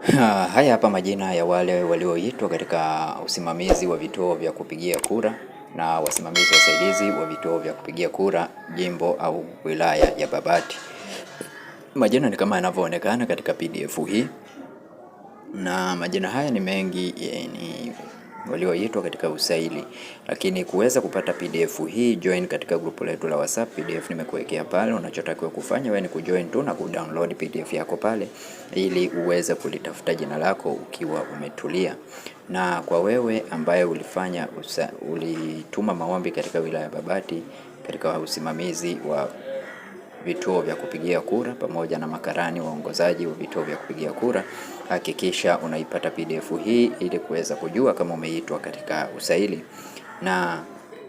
Ha, ah, haya hapa majina ya wale walioitwa katika usimamizi wa vituo vya kupigia kura na wasimamizi wasaidizi wa vituo vya kupigia kura jimbo au wilaya ya Babati. Majina ni kama yanavyoonekana katika PDF hii, na majina haya ni mengi, eh, ni walioitwa katika usaili. Lakini kuweza kupata pdf hii, join katika grupu letu la WhatsApp. PDF nimekuwekea pale, unachotakiwa kufanya wewe ni kujoin tu na kudownload pdf yako pale, ili uweze kulitafuta jina lako ukiwa umetulia. Na kwa wewe ambaye ulifanya usa, ulituma maombi katika wilaya ya Babati katika usimamizi wa vituo vya kupigia kura pamoja na makarani waongozaji wa vituo vya kupigia kura. Hakikisha unaipata PDF hii ili kuweza kujua kama umeitwa katika usaili. Na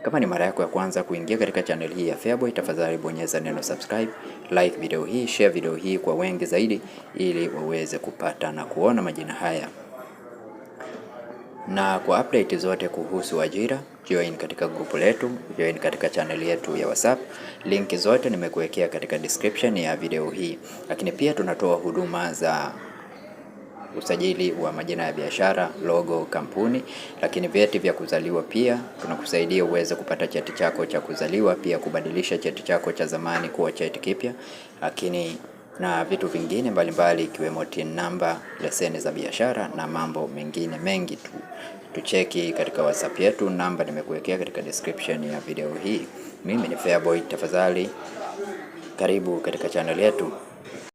kama ni mara yako ya kwanza kuingia katika channel hii ya Feaboy, tafadhali bonyeza neno subscribe, like video hii, share video hii kwa wengi zaidi, ili waweze kupata na kuona majina haya na kwa update zote kuhusu ajira, join katika grupu letu, join katika channel yetu ya WhatsApp. Linki zote nimekuwekea katika description ya video hii, lakini pia tunatoa huduma za usajili wa majina ya biashara, logo, kampuni, lakini vyeti vya kuzaliwa pia tunakusaidia uweze kupata cheti chako cha kuzaliwa, pia kubadilisha cheti chako cha zamani kuwa cheti kipya, lakini na vitu vingine mbalimbali ikiwemo TIN namba leseni za biashara na mambo mengine mengi tu. Tucheki katika WhatsApp yetu, namba nimekuwekea katika description ya video hii. Mimi ni fairboy tafadhali karibu katika channel yetu.